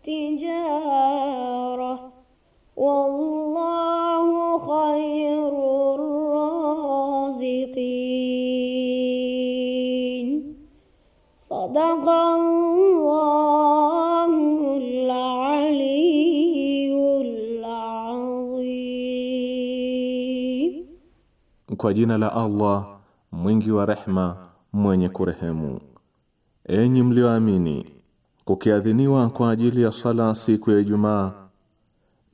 التجارة والله خير الرازقين صدق الله العلي العظيم وكجين لا الله منجي ورحمة من يكرهم أين مليو kukiadhiniwa kwa ajili ya sala siku ya Ijumaa,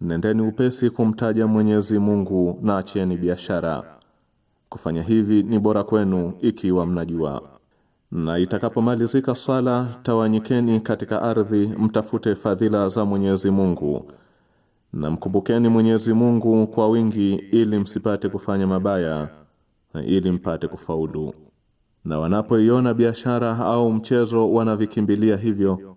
nendeni upesi kumtaja Mwenyezi Mungu na acheni biashara. Kufanya hivi ni bora kwenu ikiwa mnajua. Na itakapomalizika sala, tawanyikeni katika ardhi, mtafute fadhila za Mwenyezi Mungu na mkumbukeni Mwenyezi Mungu kwa wingi, ili msipate kufanya mabaya, ili mpate kufaulu. Na wanapoiona biashara au mchezo, wanavikimbilia hivyo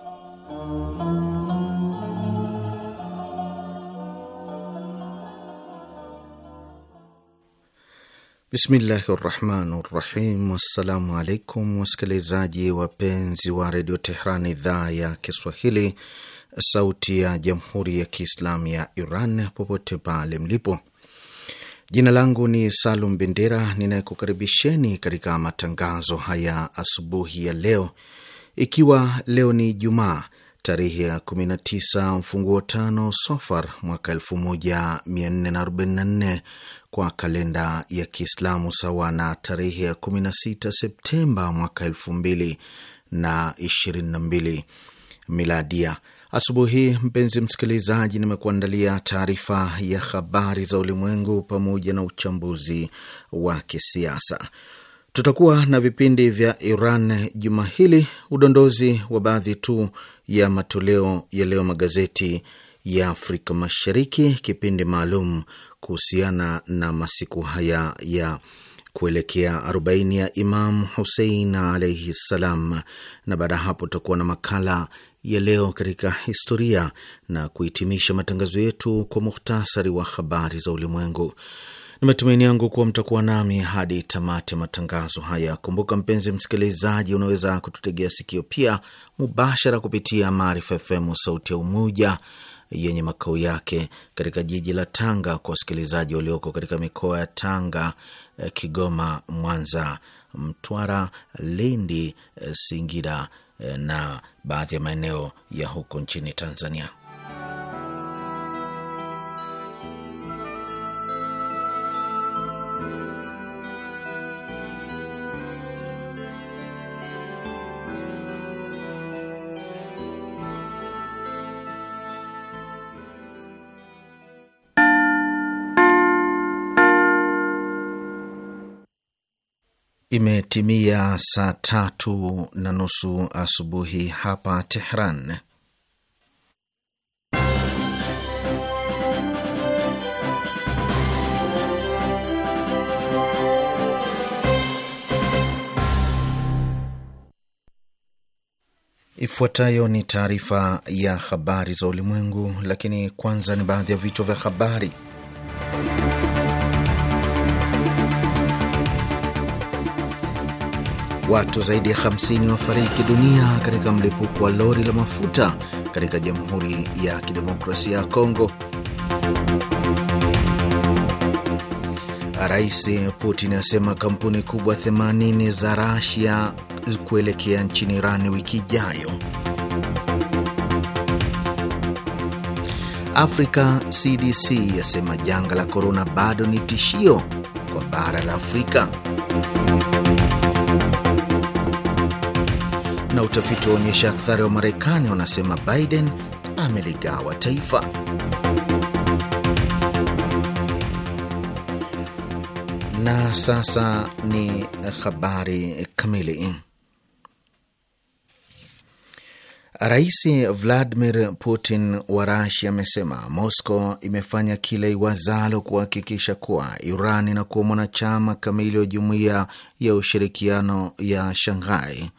Bismillahi rahmani rahim. Wassalamu alaikum wasikilizaji wapenzi wa redio Tehran, idhaa ya Kiswahili, sauti ya jamhuri ya kiislamu ya Iran, popote pale mlipo. Jina langu ni Salum Bendera ninayekukaribisheni katika matangazo haya asubuhi ya leo, ikiwa leo ni Jumaa tarehe ya 19 mfunguo tano Sofar mwaka 1444 kwa kalenda ya Kiislamu, sawa na tarehe ya 16 Septemba mwaka 2022 miladia. Asubuhi mpenzi msikilizaji, nimekuandalia taarifa ya habari za ulimwengu pamoja na uchambuzi wa kisiasa. Tutakuwa na vipindi vya Iran juma hili, udondozi wa baadhi tu ya matoleo ya leo magazeti ya Afrika Mashariki, kipindi maalum kuhusiana na masiku haya ya kuelekea arobaini ya Imam Husein alaihi ssalam, na baada ya hapo tutakuwa na makala ya leo katika historia na kuhitimisha matangazo yetu kwa muhtasari wa habari za ulimwengu. Ni matumaini yangu kuwa mtakuwa nami hadi tamati ya matangazo haya. Kumbuka mpenzi msikilizaji, unaweza kututegea sikio pia mubashara kupitia Maarifa FM sauti ya Umoja yenye makao yake katika jiji la Tanga kwa wasikilizaji walioko katika mikoa ya Tanga, eh, Kigoma, Mwanza, Mtwara, Lindi, eh, Singida eh, na baadhi ya maeneo ya huko nchini Tanzania. Imetimia saa tatu na nusu asubuhi hapa Tehran. Ifuatayo ni taarifa ya habari za ulimwengu, lakini kwanza ni baadhi ya vichwa vya habari. Watu zaidi ya 50 wafariki dunia katika mlipuko wa lori la mafuta katika Jamhuri ya Kidemokrasia ya Kongo. Rais Putin asema kampuni kubwa 80 za Rasia kuelekea nchini Iran wiki ijayo. Afrika CDC yasema janga la korona bado ni tishio kwa bara la Afrika. na utafiti waonyesha akthari wa Marekani wanasema Biden ameligawa taifa. Na sasa ni habari kamili. Rais Vladimir Putin wa Rasia amesema Moscow imefanya kila iwazalo kuhakikisha kuwa Iran inakuwa mwanachama kamili wa jumuiya ya ushirikiano ya Shanghai.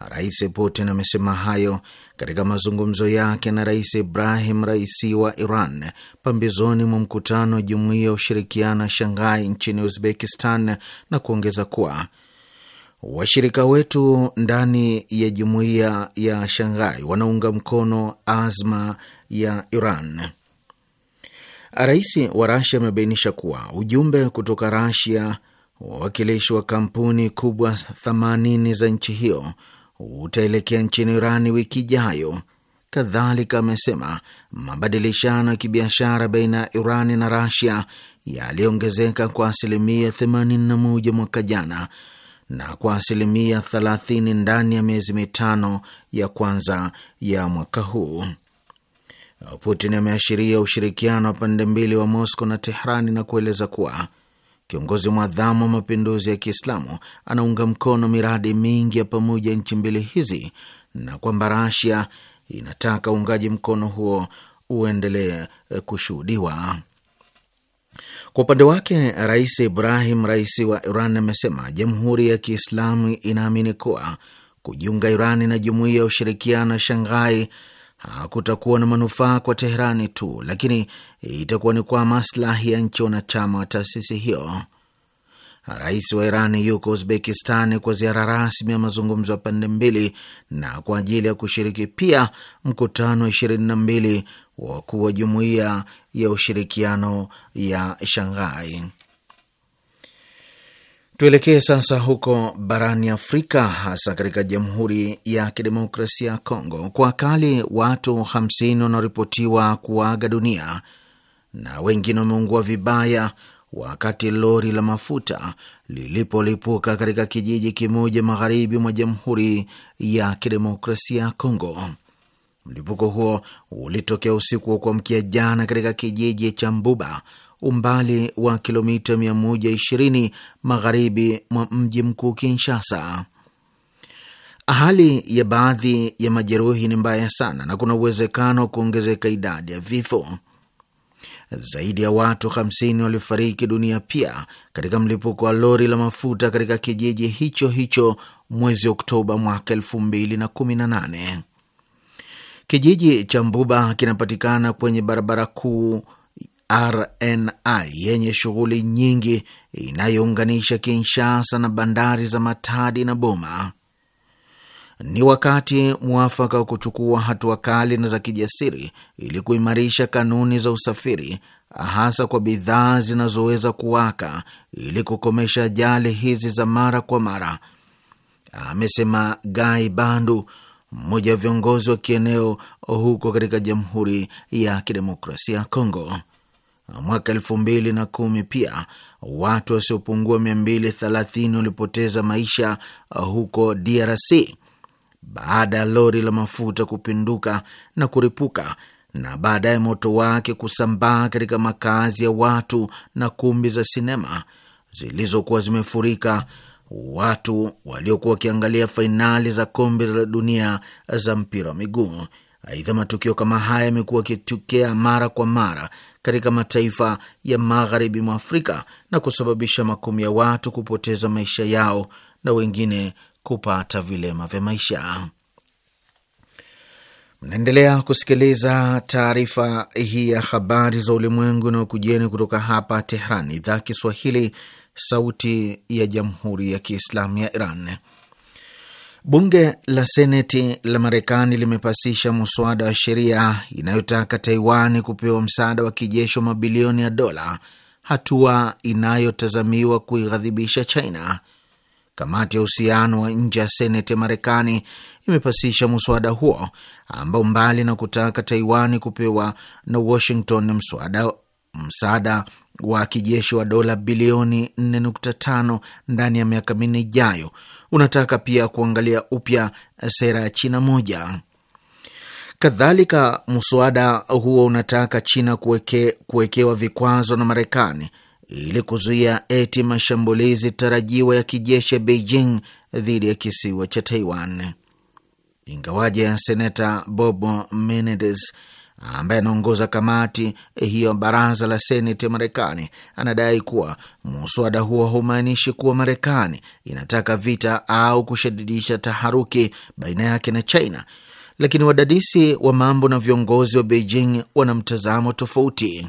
Rais Putin amesema hayo katika mazungumzo yake na Rais Ibrahim Raisi wa Iran pambizoni mwa mkutano wa Jumuiya ya Ushirikiano Shanghai nchini Uzbekistan na kuongeza kuwa washirika wetu ndani ya Jumuiya ya Shanghai wanaunga mkono azma ya Iran. Rais wa Rasia amebainisha kuwa ujumbe kutoka Rasia, wawakilishi wa kampuni kubwa 80 za nchi hiyo utaelekea nchini Irani wiki ijayo. Kadhalika amesema mabadilishano ya kibiashara baina ya Irani na Rasia yaliongezeka kwa asilimia 81 mwaka jana na kwa asilimia 30 ndani ya miezi mitano ya kwanza ya mwaka huu. Putin ameashiria ushirikiano wa pande mbili wa Moscow na Tehrani na kueleza kuwa Kiongozi mwadhamu wa mapinduzi ya Kiislamu anaunga mkono miradi mingi ya pamoja nchi mbili hizi na kwamba Rasia inataka uungaji mkono huo uendelee kushuhudiwa. Kwa upande wake, Rais Ibrahim Raisi wa Iran amesema Jamhuri ya Kiislamu inaamini kuwa kujiunga iran na Jumuiya ya Ushirikiano Shanghai hakutakuwa na manufaa kwa Teherani tu, lakini itakuwa ni kwa maslahi ya nchi wanachama wa taasisi hiyo. Rais wa Irani yuko Uzbekistani kwa ziara rasmi ya mazungumzo ya pande mbili na kwa ajili ya kushiriki pia mkutano wa ishirini na mbili wa wakuu wa jumuiya ya ushirikiano ya Shanghai. Tuelekee sasa huko barani Afrika, hasa katika Jamhuri ya Kidemokrasia ya Kongo. Kwa kali watu 50 wanaoripotiwa kuaga dunia na wengine wameungua vibaya wakati lori la mafuta lilipolipuka katika kijiji kimoja magharibi mwa Jamhuri ya Kidemokrasia ya Kongo. Mlipuko huo ulitokea usiku wa kuamkia jana katika kijiji cha Mbuba umbali wa kilomita 120 magharibi mwa mji mkuu Kinshasa. Hali ya baadhi ya majeruhi ni mbaya sana na kuna uwezekano wa kuongezeka idadi ya vifo. Zaidi ya watu 50 walifariki dunia pia katika mlipuko wa lori la mafuta katika kijiji hicho hicho mwezi Oktoba mwaka 2018. Kijiji cha Mbuba kinapatikana kwenye barabara kuu RNI yenye shughuli nyingi inayounganisha Kinshasa na bandari za Matadi na Boma. Ni wakati mwafaka wa kuchukua hatua kali na za kijasiri ili kuimarisha kanuni za usafiri, hasa kwa bidhaa zinazoweza kuwaka ili kukomesha ajali hizi za mara kwa mara, amesema Gai Bandu, mmoja wa viongozi wa kieneo huko katika Jamhuri ya Kidemokrasia ya Kongo mwaka elfu mbili na kumi pia watu wasiopungua 230 walipoteza maisha uh, huko DRC baada ya lori la mafuta kupinduka na kuripuka na baadaye moto wake kusambaa katika makazi ya watu na kumbi za sinema zilizokuwa zimefurika watu waliokuwa wakiangalia fainali za kombe la dunia za mpira wa miguu. Aidha, matukio kama haya yamekuwa yakitokea mara kwa mara katika mataifa ya magharibi mwa Afrika na kusababisha makumi ya watu kupoteza maisha yao na wengine kupata vilema vya maisha. Mnaendelea kusikiliza taarifa hii ya habari za ulimwengu ukujeni kutoka hapa Tehran, idhaa Kiswahili, sauti ya jamhuri ya kiislamu ya Iran. Bunge la Seneti la Marekani limepasisha muswada wa sheria inayotaka Taiwani kupewa msaada wa kijeshi wa mabilioni ya dola, hatua inayotazamiwa kuighadhibisha China. Kamati ya uhusiano wa nje ya Seneti ya Marekani imepasisha mswada huo ambao mbali na kutaka Taiwani kupewa na Washington mswada msaada wa kijeshi wa dola bilioni 4.5 ndani ya miaka minne ijayo. Unataka pia kuangalia upya sera ya China moja. Kadhalika, mswada huo unataka China kuweke, kuwekewa vikwazo na Marekani ili kuzuia eti mashambulizi tarajiwa ya kijeshi ya Beijing dhidi ya kisiwa cha Taiwan. Ingawaje seneta Bob Menendez ambaye anaongoza kamati eh, hiyo baraza la seneti ya Marekani anadai kuwa muswada huo haumaanishi kuwa Marekani inataka vita au kushadidisha taharuki baina yake na China, lakini wadadisi wa mambo na viongozi wa Beijing wana mtazamo tofauti.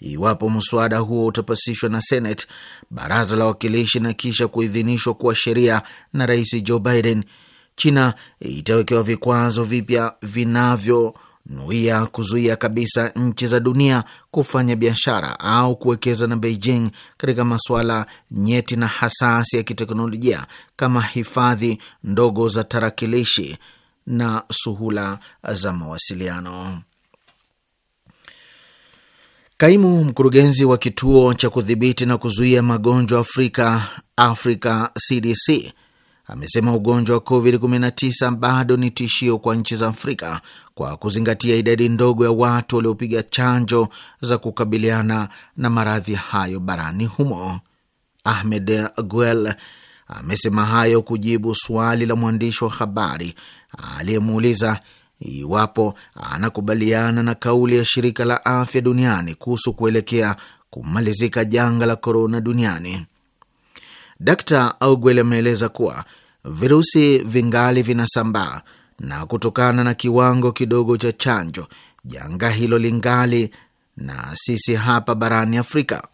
Iwapo mswada huo utapasishwa na Senate, baraza la wawakilishi, na kisha kuidhinishwa kuwa sheria na Rais Joe Biden, China itawekewa vikwazo vipya vinavyo nuia kuzuia kabisa nchi za dunia kufanya biashara au kuwekeza na Beijing katika masuala nyeti na hasasi ya kiteknolojia kama hifadhi ndogo za tarakilishi na suhula za mawasiliano. Kaimu mkurugenzi wa kituo cha kudhibiti na kuzuia magonjwa Afrika Africa CDC amesema ugonjwa wa COVID-19 bado ni tishio kwa nchi za Afrika kwa kuzingatia idadi ndogo ya watu waliopiga chanjo za kukabiliana na maradhi hayo barani humo. Ahmed Guel amesema hayo kujibu swali la mwandishi wa habari aliyemuuliza iwapo anakubaliana na kauli ya shirika la afya duniani kuhusu kuelekea kumalizika janga la korona duniani. Dkt Augwel ameeleza kuwa virusi vingali vinasambaa na kutokana na kiwango kidogo cha chanjo, janga hilo lingali na sisi hapa barani Afrika.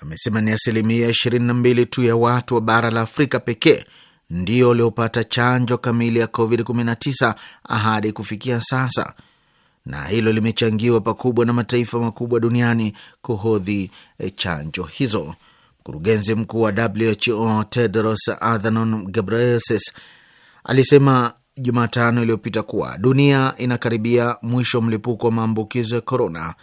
Amesema ni asilimia 22 tu ya watu wa bara la Afrika pekee ndio waliopata chanjo kamili ya COVID-19 hadi kufikia sasa, na hilo limechangiwa pakubwa na mataifa makubwa duniani kuhodhi eh, chanjo hizo. Mkurugenzi mkuu wa WHO Tedros Adhanom Ghebreyesus alisema Jumatano iliyopita kuwa dunia inakaribia mwisho wa mlipuko wa maambukizo ya korona.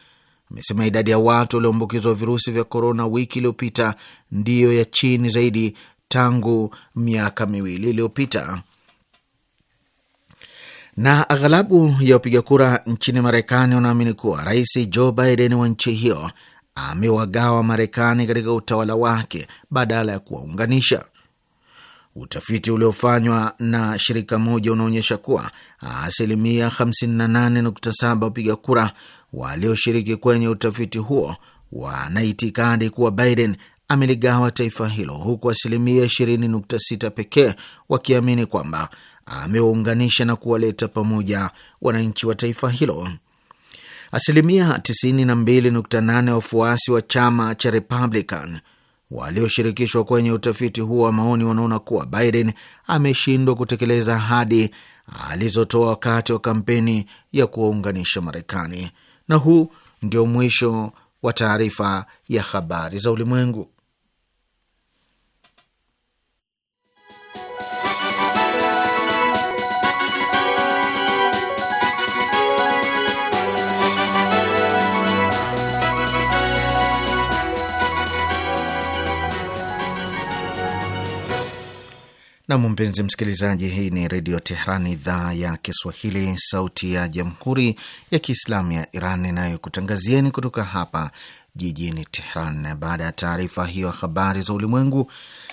Amesema idadi ya watu walioambukizwa virusi vya korona wiki iliyopita ndiyo ya chini zaidi tangu miaka miwili iliyopita. Na aghalabu ya wapiga kura nchini Marekani wanaamini kuwa rais Joe Biden wa nchi hiyo amewagawa Marekani katika utawala wake badala ya kuwaunganisha. Utafiti uliofanywa na shirika moja unaonyesha kuwa asilimia 58.7 wapiga kura walioshiriki kwenye utafiti huo wanaitikadi kuwa Biden ameligawa taifa hilo, huku asilimia 20.6 pekee wakiamini kwamba amewaunganisha na kuwaleta pamoja wananchi wa taifa hilo. Asilimia 92.8 wafuasi wa chama cha Republican walioshirikishwa kwenye utafiti huo wa maoni wanaona kuwa Biden ameshindwa kutekeleza ahadi alizotoa wakati wa kampeni ya kuwaunganisha Marekani. Na huu ndio mwisho wa taarifa ya habari za ulimwengu. Nam, mpenzi msikilizaji, hii ni Redio Tehran, idhaa ya Kiswahili, sauti ya jamhuri ya Kiislamu ya Iran inayokutangazieni kutoka hapa jijini Tehran. Baada ya taarifa hiyo habari za ulimwengu,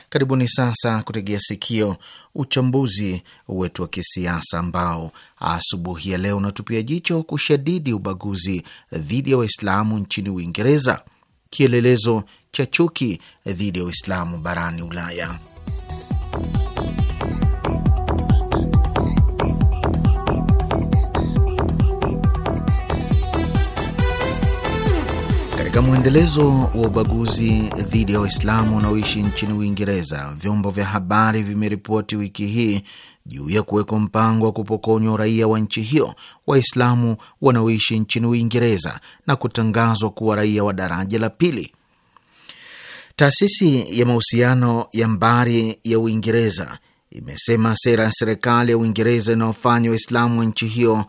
karibuni sasa kutegea sikio uchambuzi wetu wa kisiasa ambao asubuhi ya leo unatupia jicho kushadidi ubaguzi dhidi ya Waislamu nchini Uingereza, kielelezo cha chuki dhidi ya Waislamu barani Ulaya. Katika mwendelezo wa ubaguzi dhidi ya Waislamu wanaoishi nchini Uingereza, vyombo vya habari vimeripoti wiki hii juu ya kuwekwa mpango wa kupokonywa raia wa nchi hiyo Waislamu wanaoishi nchini Uingereza na kutangazwa kuwa raia wa daraja la pili. Taasisi ya mahusiano ya mbari ya Uingereza imesema sera ya serikali ya Uingereza inayofanya Waislamu wa nchi hiyo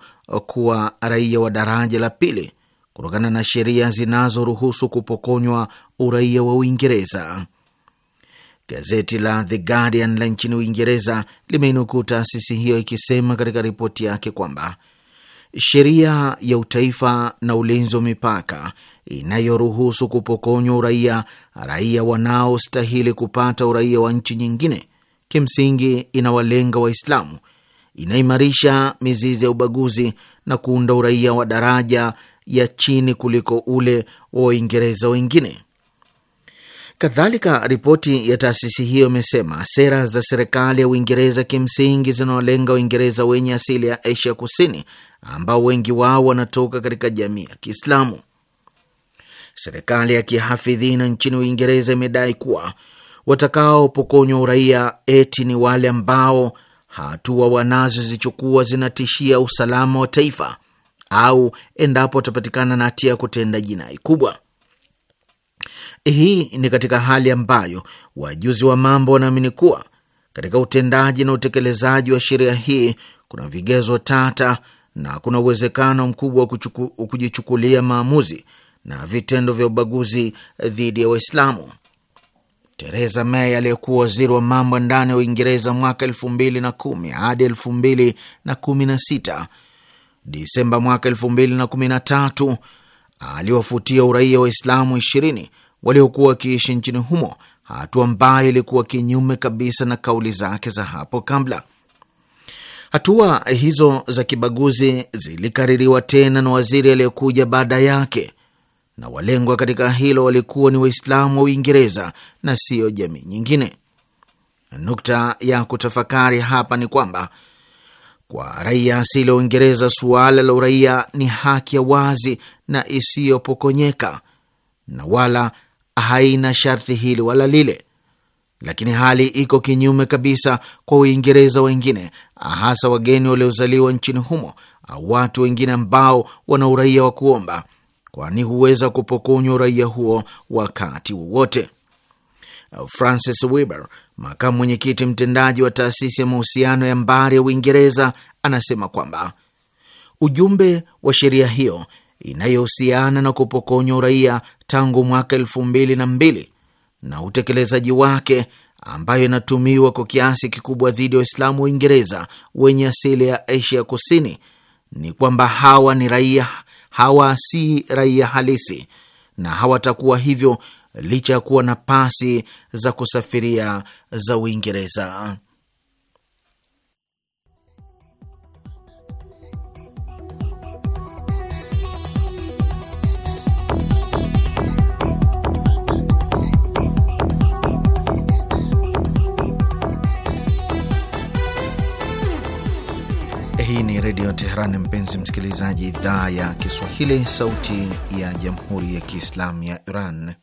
kuwa raia wa daraja la pili kutokana na sheria zinazoruhusu kupokonywa uraia wa Uingereza. Gazeti la The Guardian la nchini Uingereza limeinukuu taasisi hiyo ikisema katika ripoti yake kwamba sheria ya utaifa na ulinzi wa mipaka inayoruhusu kupokonywa uraia raia wanaostahili kupata uraia wa nchi nyingine kimsingi inawalenga Waislamu, inaimarisha mizizi ya ubaguzi na kuunda uraia wa daraja ya chini kuliko ule wa Waingereza wengine. Kadhalika, ripoti ya taasisi hiyo imesema sera za serikali ya Uingereza kimsingi zinawalenga uingereza wenye asili ya Asia Kusini, ambao wengi wao wanatoka katika jamii ya Kiislamu. Serikali ya kihafidhina nchini Uingereza imedai kuwa watakaopokonywa uraia eti ni wale ambao hatua wanazozichukua zinatishia usalama wa taifa au endapo atapatikana na hatia ya kutenda jinai kubwa. Hii ni katika hali ambayo wajuzi wa mambo wanaamini kuwa katika utendaji na utekelezaji wa sheria hii kuna vigezo tata na kuna uwezekano mkubwa wa kujichukulia maamuzi na vitendo vya ubaguzi dhidi ya Waislamu. Theresa May aliyekuwa waziri wa mambo ya ndani ya Uingereza mwaka elfu mbili na kumi hadi elfu mbili na kumi na sita Disemba mwaka 2013 aliwafutia uraia Waislamu 20 waliokuwa wakiishi nchini humo, hatua ambayo ilikuwa kinyume kabisa na kauli zake za hapo kabla. Hatua hizo za kibaguzi zilikaririwa tena na waziri aliyekuja baada yake, na walengwa katika hilo walikuwa ni Waislamu wa Uingereza na siyo jamii nyingine. Nukta ya kutafakari hapa ni kwamba kwa raia asili wa Uingereza, suala la uraia ni haki ya wazi na isiyopokonyeka na wala haina sharti hili wala lile, lakini hali iko kinyume kabisa kwa Uingereza wengine, hasa wageni waliozaliwa nchini humo au watu wengine ambao wana uraia wa kuomba, kwani huweza kupokonywa uraia huo wakati wowote. Francis Weber Makamu mwenyekiti mtendaji wa taasisi ya mahusiano ya mbari ya Uingereza anasema kwamba ujumbe wa sheria hiyo inayohusiana na kupokonywa uraia tangu mwaka elfu mbili na mbili na utekelezaji wake ambayo inatumiwa kwa kiasi kikubwa dhidi ya Waislamu wa Uingereza wenye asili ya Asia Kusini ni kwamba hawa ni raia, hawa si raia halisi na hawatakuwa hivyo licha ya kuwa na pasi za kusafiria za Uingereza. Hii ni Redio Teheran, mpenzi msikilizaji, idhaa ya Kiswahili, sauti ya Jamhuri ya Kiislamu ya Iran.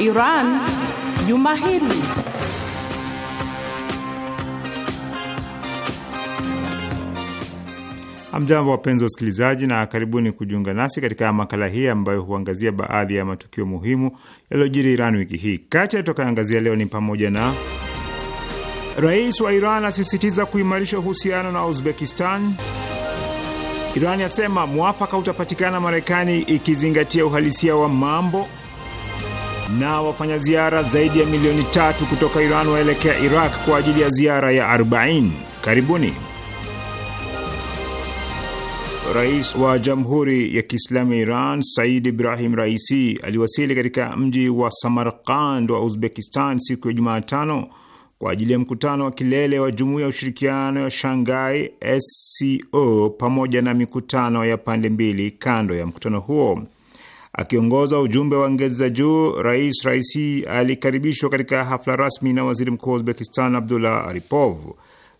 Iran juma hili. Hamjambo, wapenzi wa usikilizaji, na karibuni kujiunga nasi katika makala hii ambayo huangazia baadhi ya matukio muhimu yaliyojiri Iran wiki hii. Kati ya tutakayoangazia leo ni pamoja na rais wa Iran asisitiza kuimarisha uhusiano na Uzbekistan, Iran yasema mwafaka utapatikana Marekani ikizingatia uhalisia wa mambo na wafanya ziara zaidi ya milioni tatu kutoka Iran waelekea Iraq kwa ajili ya ziara ya 40. Karibuni. Rais wa Jamhuri ya Kiislamu ya Iran Said Ibrahim Raisi aliwasili katika mji wa Samarkand wa Uzbekistan siku ya Jumatano kwa ajili ya mkutano wa kilele wa Jumuiya ya Ushirikiano ya Shanghai SCO pamoja na mikutano ya pande mbili kando ya mkutano huo. Akiongoza ujumbe wa ngazi za juu, Rais Raisi alikaribishwa katika hafla rasmi na waziri mkuu wa Uzbekistan Abdullah Aripov.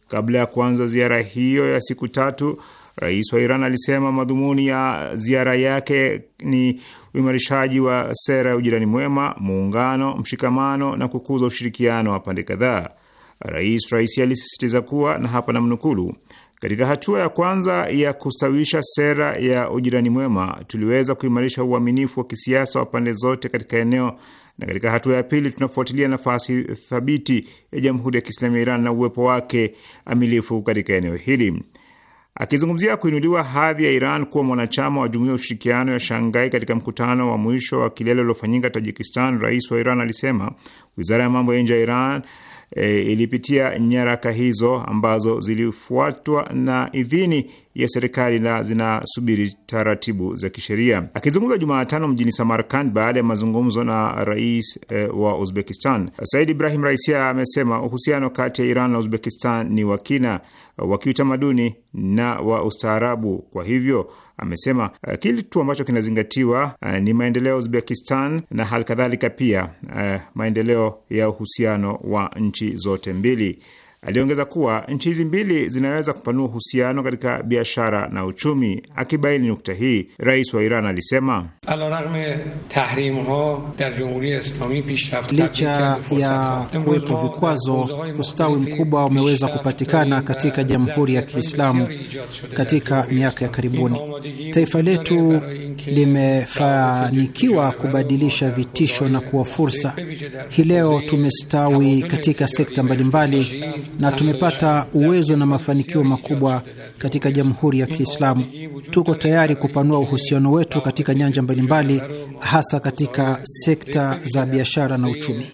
Kabla ya kuanza ziara hiyo ya siku tatu, rais wa Iran alisema madhumuni ya ziara yake ni uimarishaji wa sera ya ujirani mwema, muungano, mshikamano na kukuza ushirikiano wa pande kadhaa. Rais Raisi alisisitiza kuwa na hapa namnukulu katika hatua ya kwanza ya kustawisha sera ya ujirani mwema, tuliweza kuimarisha uaminifu wa kisiasa wa pande zote katika eneo, na katika hatua ya pili tunafuatilia nafasi thabiti ya Jamhuri ya Kiislamu ya Iran na uwepo wake amilifu katika eneo hili. Akizungumzia kuinuliwa hadhi ya Iran kuwa mwanachama wa Jumuiya ya Ushirikiano ya Shangai katika mkutano wa mwisho wa kilele uliofanyika Tajikistan, rais wa Iran alisema wizara ya mambo ya nje ya Iran e, ilipitia nyaraka hizo ambazo zilifuatwa na idhini ya serikali na zinasubiri taratibu za kisheria. Akizungumza Jumatano mjini Samarkand baada ya mazungumzo na rais e, wa Uzbekistan, Said Ibrahim Raisia amesema uhusiano kati ya Iran na Uzbekistan ni wa kina, wa kiutamaduni na wa ustaarabu. Kwa hivyo amesema uh, eh, kitu ambacho kinazingatiwa uh, ni maendeleo ya Uzbekistan na hali kadhalika pia uh, maendeleo ya uhusiano wa nchi zote mbili. Aliongeza kuwa nchi hizi mbili zinaweza kupanua uhusiano katika biashara na uchumi. Akibaini nukta hii, rais wa Iran alisema licha ya kuwepo vikwazo, ustawi mkubwa umeweza kupatikana katika Jamhuri ya Kiislamu katika miaka ya karibuni. Taifa letu limefanikiwa kubadilisha vitisho na kuwa fursa. Hii leo tumestawi katika sekta mbalimbali na tumepata uwezo na mafanikio makubwa katika Jamhuri ya Kiislamu. Tuko tayari kupanua uhusiano wetu katika nyanja mbalimbali, hasa katika sekta za biashara na uchumi.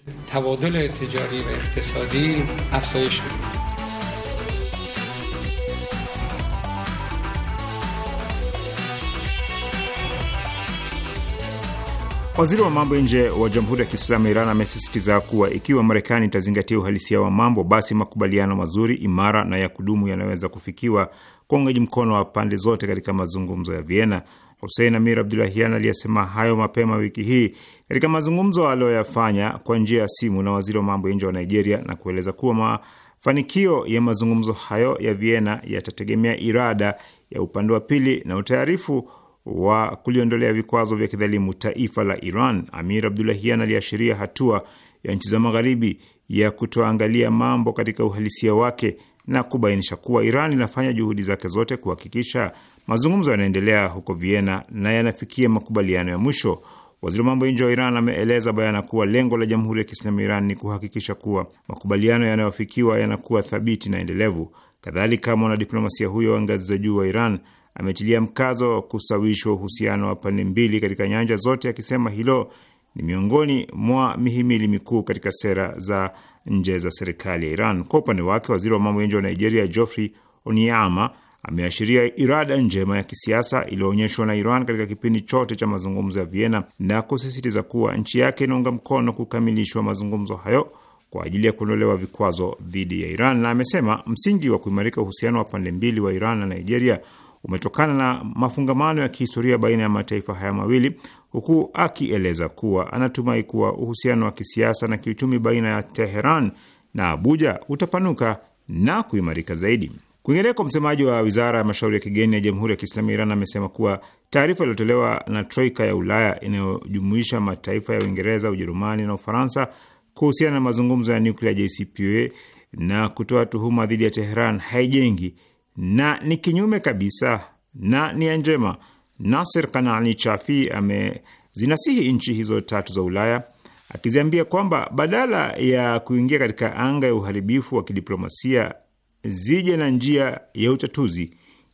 Waziri wa mambo ya nje wa Jamhuri ya Kiislamu ya Iran amesisitiza kuwa ikiwa Marekani itazingatia uhalisia wa mambo, basi makubaliano mazuri, imara na ya kudumu yanaweza kufikiwa kwa ungaji mkono wa pande zote katika mazungumzo ya Vienna. Husein Amir Abdulahian aliyesema hayo mapema wiki hii katika mazungumzo aliyoyafanya kwa njia ya simu na waziri wa mambo ya nje wa Nigeria, na kueleza kuwa mafanikio ya mazungumzo hayo ya Vienna yatategemea irada ya upande wa pili na utayarifu wa kuliondolea vikwazo vya kidhalimu taifa la Iran, Amir Abdulahian aliashiria hatua ya nchi za magharibi ya kutoangalia mambo katika uhalisia wake na kubainisha kuwa Iran inafanya juhudi zake zote kuhakikisha mazungumzo yanaendelea huko Vienna na yanafikia makubaliano ya mwisho. Waziri wa mambo ya nje wa Iran ameeleza bayana kuwa lengo la Jamhuri ya Kiislamu Iran ni kuhakikisha kuwa makubaliano yanayofikiwa yanakuwa thabiti na endelevu. Kadhalika, mwanadiplomasia huyo wa ngazi za juu wa Iran ametilia mkazo kusawishwa uhusiano wa pande mbili katika nyanja zote, akisema hilo ni miongoni mwa mihimili mikuu katika sera za nje za serikali ya Iran. Kwa upande wake, waziri wa mambo ya nje wa Nigeria Geoffrey Oniama ameashiria irada njema ya kisiasa iliyoonyeshwa na Iran katika kipindi chote cha mazungumzo ya Vienna na kusisitiza kuwa nchi yake inaunga mkono kukamilishwa mazungumzo hayo kwa ajili ya kuondolewa vikwazo dhidi ya Iran, na amesema msingi wa kuimarika uhusiano wa pande mbili wa Iran na Nigeria umetokana na mafungamano ya kihistoria baina ya mataifa haya mawili, huku akieleza kuwa anatumai kuwa uhusiano wa kisiasa na kiuchumi baina ya Teheran na Abuja utapanuka na kuimarika zaidi. Kwingineko, msemaji wa wizara ya mashauri ya kigeni ya Jamhuri ya Kiislamu ya Iran amesema kuwa taarifa iliyotolewa na troika ya Ulaya inayojumuisha mataifa ya Uingereza, Ujerumani na Ufaransa kuhusiana na mazungumzo ya nuklia JCPOA na kutoa tuhuma dhidi ya Teheran haijengi na ni kinyume kabisa na nia njema. Nasir Kanani Chafi amezinasihi nchi hizo tatu za Ulaya akiziambia kwamba badala ya kuingia katika anga ya uharibifu wa kidiplomasia zije na njia ya utatuzi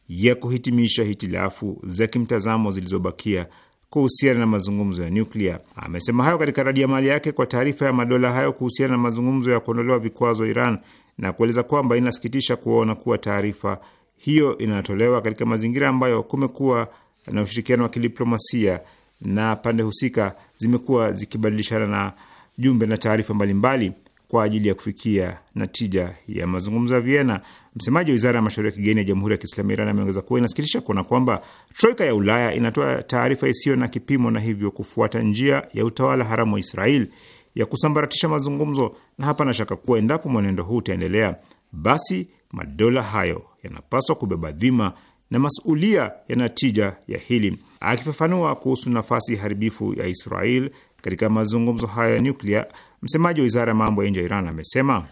ya kuhitimisha hitilafu za kimtazamo zilizobakia kuhusiana na mazungumzo ya nyuklia. Amesema hayo katika ya mali yake kwa taarifa ya madola hayo kuhusiana na mazungumzo ya kuondolewa vikwazo Iran na kueleza kwamba inasikitisha kuona kuwa taarifa hiyo inatolewa katika mazingira ambayo kumekuwa na ushirikiano wa kidiplomasia na pande husika zimekuwa zikibadilishana na jumbe na taarifa mbalimbali kwa ajili ya kufikia natija ya mazungumzo ya Vienna. Msemaji wa wizara ya mashauri ya kigeni ya Jamhuri ya Kiislamu ya Iran ameongeza kuwa inasikitisha kuona kwamba troika ya Ulaya inatoa taarifa isiyo na kipimo na hivyo kufuata njia ya utawala haramu wa Israel ya kusambaratisha mazungumzo, na hapana shaka kuwa endapo mwenendo huu utaendelea, basi madola hayo yanapaswa kubeba dhima na masulia ya natija ya hili. Akifafanua kuhusu nafasi haribifu ya Israel katika mazungumzo hayo ya nyuklia, msemaji wa wizara ya mambo ya nje ya Iran amesema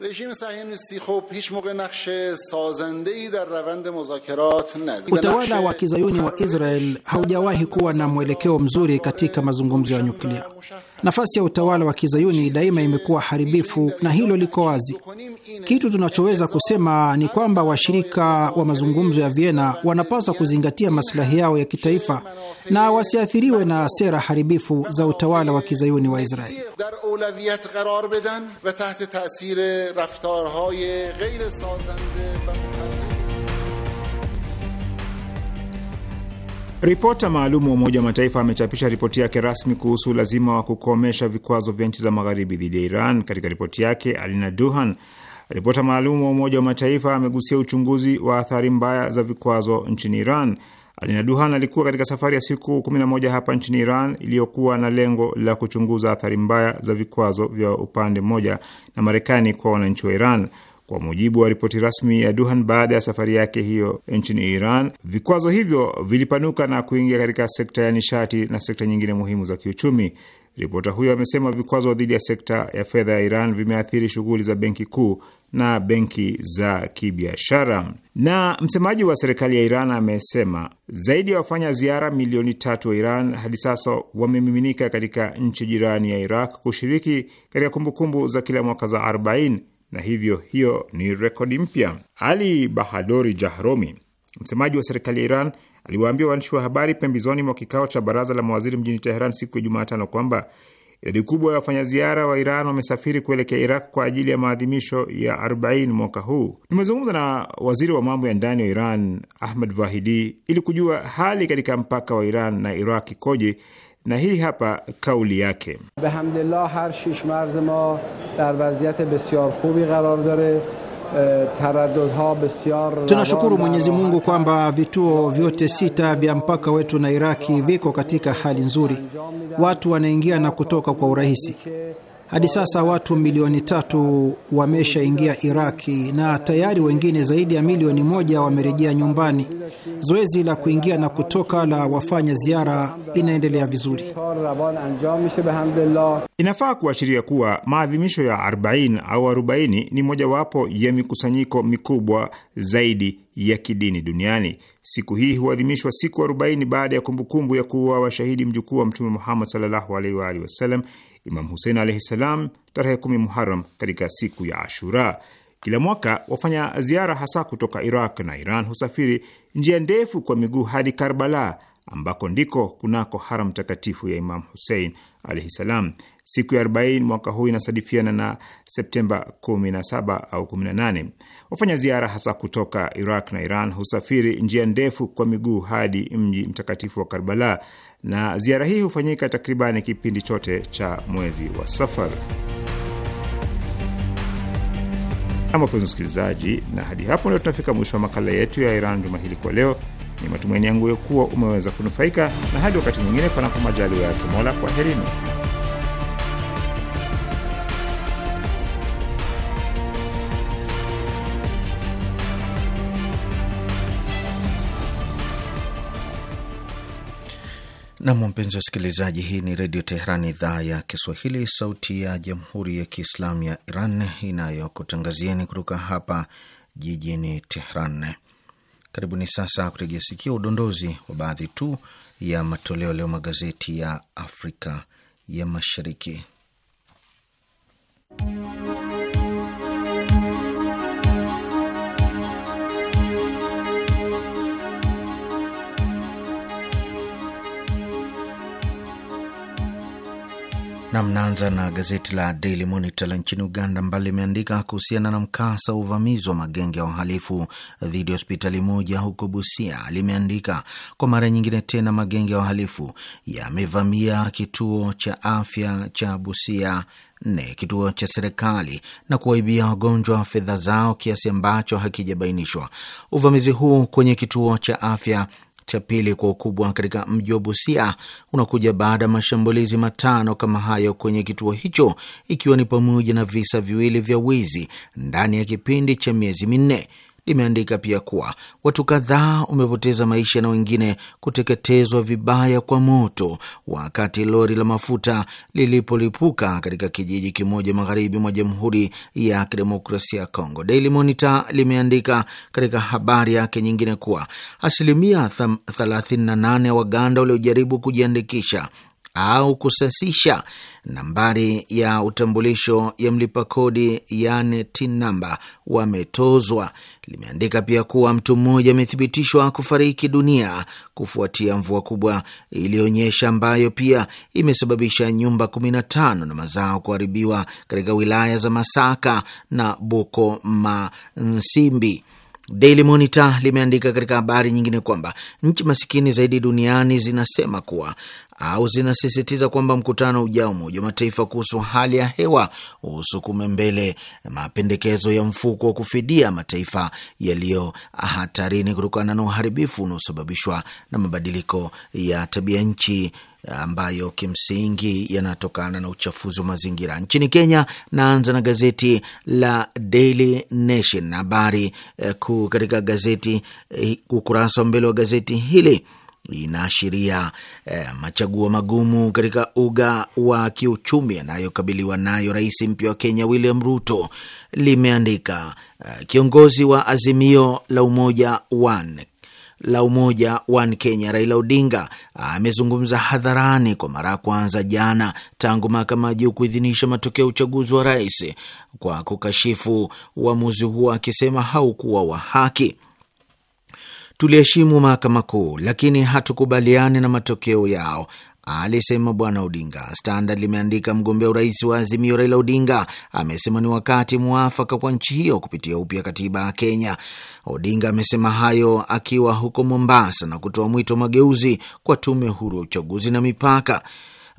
utawala wa kizayuni wa Israel haujawahi kuwa na mwelekeo mzuri katika mazungumzo ya nyuklia. Nafasi ya utawala wa kizayuni daima imekuwa haribifu na hilo liko wazi. Kitu tunachoweza kusema ni kwamba washirika wa mazungumzo ya Vienna wanapaswa kuzingatia masilahi yao ya kitaifa na wasiathiriwe na sera haribifu za utawala wa kizayuni wa Israeli. Ripota maalum wa Umoja wa Mataifa amechapisha ripoti yake rasmi kuhusu ulazima wa kukomesha vikwazo vya nchi za magharibi dhidi ya Iran. Katika ripoti yake, Alina Duhan, ripota maalum wa Umoja wa Mataifa, amegusia uchunguzi wa athari mbaya za vikwazo nchini Iran. Alina Duhan alikuwa katika safari ya siku 11 hapa nchini Iran iliyokuwa na lengo la kuchunguza athari mbaya za vikwazo vya upande mmoja na Marekani kwa wananchi wa Iran. Kwa mujibu wa ripoti rasmi ya Duhan baada ya safari yake hiyo nchini Iran, vikwazo hivyo vilipanuka na kuingia katika sekta ya nishati na sekta nyingine muhimu za kiuchumi. Ripota huyo amesema vikwazo dhidi ya sekta ya fedha ya Iran vimeathiri shughuli za benki kuu na benki za kibiashara. Na msemaji wa serikali ya Iran amesema zaidi ya wafanya ziara milioni tatu wa Iran hadi sasa wamemiminika katika nchi jirani ya Iraq kushiriki katika kumbukumbu za kila mwaka za 40 na hivyo hiyo ni rekodi mpya. Ali Bahadori Jahromi, msemaji wa serikali ya Iran, aliwaambia waandishi wa habari pembezoni mwa kikao cha baraza la mawaziri mjini Teheran siku ya Jumatano kwamba idadi kubwa ya wafanyaziara wa Iran wamesafiri kuelekea Iraq kwa ajili ya maadhimisho ya 40 mwaka huu. Nimezungumza na waziri wa mambo ya ndani wa Iran Ahmed Vahidi ili kujua hali katika mpaka wa Iran na Iraq ikoje na hii hapa kauli yake: behamdillah har shish marz ma dar vaziyat besyar khubi qarar dare eh, Tunashukuru Mwenyezi Mungu kwamba vituo vyote sita vya mpaka wetu na Iraki viko katika hali nzuri, watu wanaingia na kutoka kwa urahisi. Hadi sasa watu milioni tatu wameshaingia Iraki na tayari wengine zaidi ya milioni moja wamerejea nyumbani. Zoezi la kuingia na kutoka la wafanya ziara linaendelea vizuri. Inafaa kuashiria kuwa maadhimisho ya 40 au 40 ni mojawapo ya mikusanyiko mikubwa zaidi ya kidini duniani. Siku hii huadhimishwa siku 40 baada ya kumbukumbu ya kuuawa shahidi mjukuu wa Mtume Muhammad sallallahu alaihi wa alihi wasallam Imam Husein alaihi ssalam tarehe kumi Muharam katika siku ya Ashura. Kila mwaka wafanya ziara hasa kutoka Iraq na Iran husafiri njia ndefu kwa miguu hadi Karbala ambako ndiko kunako haram takatifu ya Imam Husein alaihi ssalam. Siku ya 40 mwaka huu inasadifiana na Septemba 17 au 18. Wafanya ziara hasa kutoka Iraq na Iran husafiri njia ndefu kwa miguu hadi mji mtakatifu wa Karbala, na ziara hii hufanyika takribani kipindi chote cha mwezi wa Safar. Wapenzi msikilizaji, na hadi hapo ndio tunafika mwisho wa makala yetu ya Iran juma hili kwa leo. Ni matumaini yangu ya kuwa umeweza kunufaika, na hadi wakati mwingine, panapo majaliwa yake Mola, herini. Nam, mpenzi wa sikilizaji, hii ni Redio Teheran, idhaa ya Kiswahili, sauti ya Jamhuri ya Kiislamu ya Iran inayokutangazieni kutoka hapa jijini Teheran. Karibuni sasa kutegea sikia udondozi wa baadhi tu ya matoleo leo magazeti ya Afrika ya Mashariki. na mnaanza na gazeti la Daily Monitor la nchini Uganda, ambalo limeandika kuhusiana na mkasa wa uvamizi wa magenge ya uhalifu dhidi ya hospitali moja huko Busia. Limeandika kwa mara nyingine tena, magenge ya uhalifu yamevamia kituo cha afya cha Busia nne kituo cha serikali na kuwaibia wagonjwa fedha zao kiasi ambacho hakijabainishwa. Uvamizi huu kwenye kituo cha afya cha pili kwa ukubwa katika mji wa Busia unakuja baada ya mashambulizi matano kama hayo kwenye kituo hicho, ikiwa ni pamoja na visa viwili vya wizi ndani ya kipindi cha miezi minne limeandika pia kuwa watu kadhaa wamepoteza maisha na wengine kuteketezwa vibaya kwa moto wakati lori la mafuta lilipolipuka katika kijiji kimoja magharibi mwa Jamhuri ya Kidemokrasia ya Kongo. Daily Monitor limeandika katika habari yake nyingine kuwa asilimia 38 ya Waganda waliojaribu kujiandikisha au kusasisha nambari ya utambulisho ya mlipa kodi yani TIN namba wametozwa limeandika pia kuwa mtu mmoja amethibitishwa kufariki dunia kufuatia mvua kubwa iliyonyesha ambayo pia imesababisha nyumba 15 na mazao kuharibiwa katika wilaya za Masaka na Boko Masimbi. Daily Monitor limeandika katika habari nyingine kwamba nchi masikini zaidi duniani zinasema kuwa au zinasisitiza kwamba mkutano ujao Umoja wa Mataifa kuhusu hali ya hewa usukume mbele mapendekezo ya mfuko wa kufidia mataifa yaliyo hatarini kutokana na uharibifu unaosababishwa na mabadiliko ya tabia nchi ambayo kimsingi yanatokana na uchafuzi wa mazingira. Nchini Kenya, naanza na gazeti la Daily Nation. Habari eh, kuu katika gazeti, eh, ukurasa wa mbele wa gazeti hili inaashiria eh, machaguo magumu katika uga wa kiuchumi anayokabiliwa nayo rais mpya wa Kenya William Ruto, limeandika eh, kiongozi wa Azimio la Umoja One la Umoja One Kenya Raila Odinga amezungumza hadharani kwa mara ya kwanza jana tangu mahakama juu kuidhinisha matokeo ya uchaguzi wa rais, kwa kukashifu uamuzi huo akisema haukuwa wa haki. Tuliheshimu mahakama kuu, lakini hatukubaliani na matokeo yao, alisema Bwana Odinga. Standard limeandika mgombea urais wa Azimio Raila Odinga amesema ni wakati mwafaka kwa nchi hiyo kupitia upya katiba ya Kenya. Odinga amesema hayo akiwa huko Mombasa na kutoa mwito mageuzi kwa tume huru ya uchaguzi na mipaka.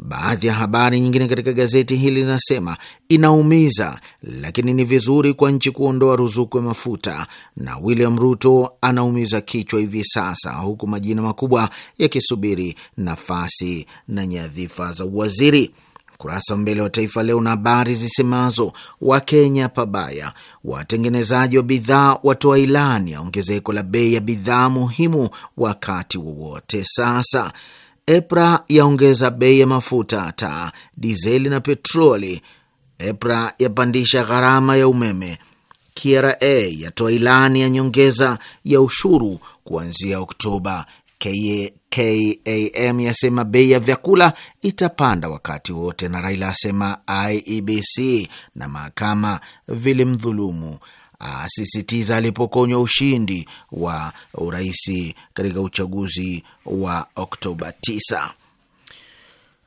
Baadhi ya habari nyingine katika gazeti hili zinasema inaumiza, lakini ni vizuri kwa nchi kuondoa ruzuku ya mafuta, na William Ruto anaumiza kichwa hivi sasa, huku majina makubwa yakisubiri nafasi na nyadhifa za uwaziri. kurasa wa mbele wa Taifa Leo na habari zisemazo Wakenya pabaya, watengenezaji wa bidhaa watoa ilani ya ongezeko la bei ya bidhaa muhimu wakati wowote sasa EPRA yaongeza bei ya mafuta taa, dizeli na petroli. EPRA yapandisha gharama ya umeme. KRA yatoa ilani ya nyongeza ya ushuru kuanzia Oktoba. KAM yasema bei ya vyakula itapanda wakati wote, na Raila asema IEBC na mahakama vilimdhulumu asisitiza alipokonywa ushindi wa urais katika uchaguzi wa Oktoba 9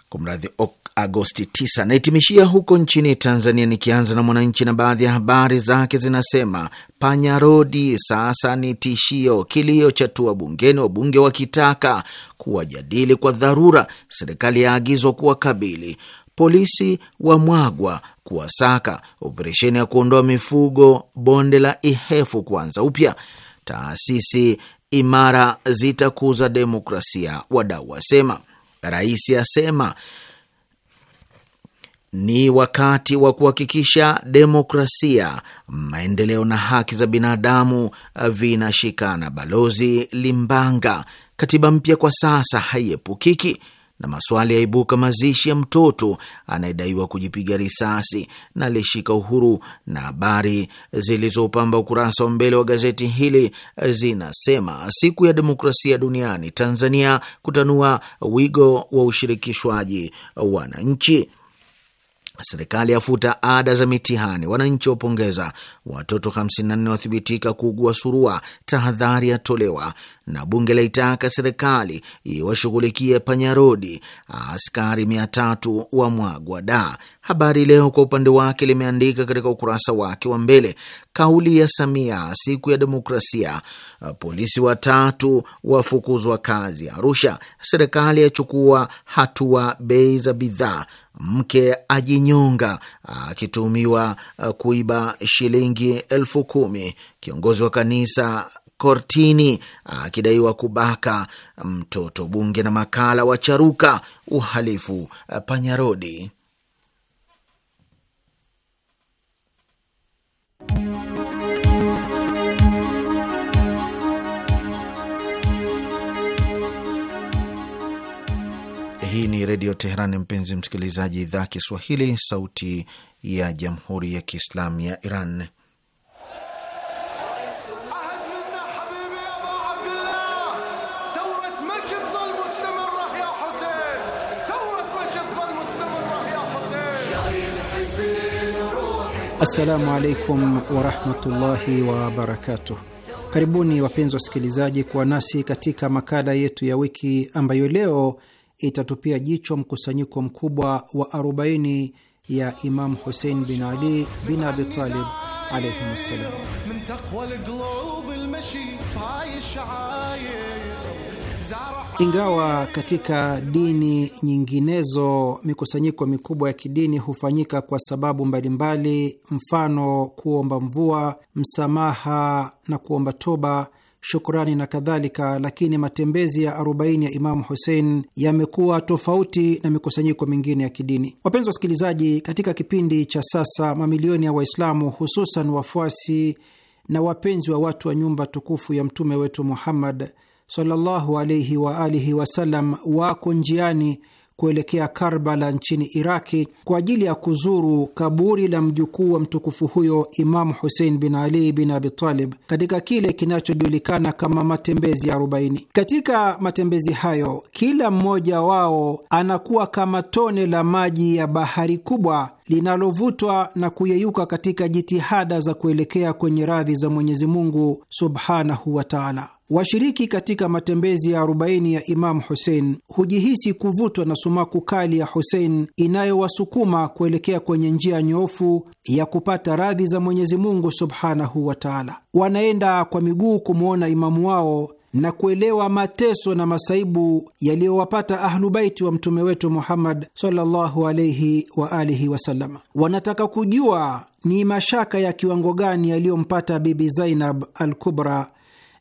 kumradhi, Agosti 9. Nahitimishia huko nchini Tanzania, nikianza na Mwananchi na baadhi ya habari zake zinasema: panyarodi sasa ni tishio, kilio cha tua bungeni, wabunge wakitaka kuwajadili kwa dharura, serikali yaagizwa kuwakabili polisi wa mwagwa kuwasaka, operesheni ya kuondoa mifugo bonde la Ihefu kuanza upya, taasisi imara zitakuza demokrasia, wadau wasema. Rais asema ni wakati wa kuhakikisha demokrasia, maendeleo na haki za binadamu vinashikana. Balozi Limbanga, katiba mpya kwa sasa haiepukiki na maswali yaibuka mazishi ya mtoto anayedaiwa kujipiga risasi na aliyeshika uhuru. Na habari zilizopamba ukurasa wa mbele wa gazeti hili zinasema: siku ya demokrasia duniani, Tanzania kutanua wigo wa ushirikishwaji wananchi Serikali yafuta ada za mitihani. Wananchi wapongeza. Watoto 54 wathibitika kuugua surua. Tahadhari yatolewa. Na bunge laitaka serikali iwashughulikie panyarodi. Askari 300 wa mwagwa da. Habari Leo kwa upande wake limeandika katika ukurasa wake wa mbele kauli ya Samia, siku ya demokrasia. Polisi watatu wafukuzwa kazi Arusha. Serikali yachukua hatua bei za bidhaa mke ajinyonga akitumiwa uh, kuiba shilingi elfu kumi. Kiongozi wa kanisa kortini akidaiwa kubaka mtoto. Bunge na makala wacharuka uhalifu uh, Panyarodi. Hii ni Redio Teheran, mpenzi msikilizaji, idhaa Kiswahili, sauti ya Jamhuri ya Kiislamu ya Iran. Assalamu alaikum warahmatullahi wabarakatuh. Karibuni wapenzi wasikilizaji kuwa nasi katika makala yetu ya wiki ambayo leo itatupia jicho mkusanyiko mkubwa wa 40 ya Imamu Husein bin Ali bin Abi Talib alaihim assalam. Ingawa katika dini nyinginezo mikusanyiko mikubwa ya kidini hufanyika kwa sababu mbalimbali, mfano kuomba mvua, msamaha na kuomba toba shukrani na kadhalika, lakini matembezi ya 40 ya Imamu Husein yamekuwa tofauti na mikusanyiko mingine ya kidini. Wapenzi wasikilizaji, katika kipindi cha sasa mamilioni ya Waislamu hususan wafuasi na wapenzi wa watu wa nyumba tukufu ya mtume wetu Muhammad sallallahu alaihi wa alihi wasallam wako njiani kuelekea Karbala nchini Iraki kwa ajili ya kuzuru kaburi la mjukuu wa mtukufu huyo Imamu Husein bin Ali bin Abitalib katika kile kinachojulikana kama matembezi ya arobaini. Katika matembezi hayo, kila mmoja wao anakuwa kama tone la maji ya bahari kubwa linalovutwa na kuyeyuka katika jitihada za kuelekea kwenye radhi za Mwenyezi Mungu subhanahu wa taala. Washiriki katika matembezi ya 40 ya Imamu Husein hujihisi kuvutwa na sumaku kali ya Husein inayowasukuma kuelekea kwenye njia nyoofu ya kupata radhi za Mwenyezi Mungu subhanahu wa taala. Wanaenda kwa miguu kumwona imamu wao na kuelewa mateso na masaibu yaliyowapata Ahlubaiti wa mtume wetu Muhammad sallallahu alaihi wa alihi wasallam. Wanataka kujua ni mashaka ya kiwango gani yaliyompata Bibi Zainab al Kubra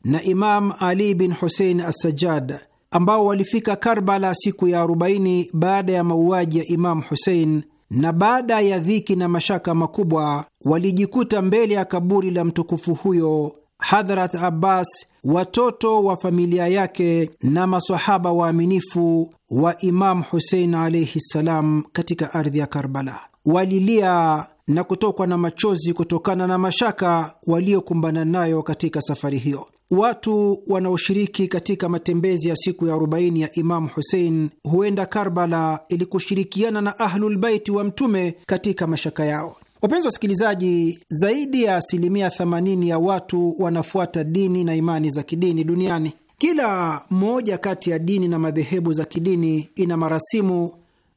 na Imam Ali bin Husein Assajad ambao walifika Karbala siku ya 40 baada ya mauaji ya Imam Husein na baada ya dhiki na mashaka makubwa walijikuta mbele ya kaburi la mtukufu huyo Hadhrat Abbas, watoto wa familia yake na masahaba waaminifu wa Imam Husein alaihi ssalam katika ardhi ya Karbala walilia na kutokwa na machozi kutokana na mashaka waliokumbana nayo katika safari hiyo. Watu wanaoshiriki katika matembezi ya siku ya 40 ya Imamu Husein huenda Karbala ili kushirikiana na Ahlulbaiti wa Mtume katika mashaka yao. Wapenzi wasikilizaji, zaidi ya asilimia 80 ya watu wanafuata dini na imani za kidini duniani. Kila moja kati ya dini na madhehebu za kidini ina marasimu,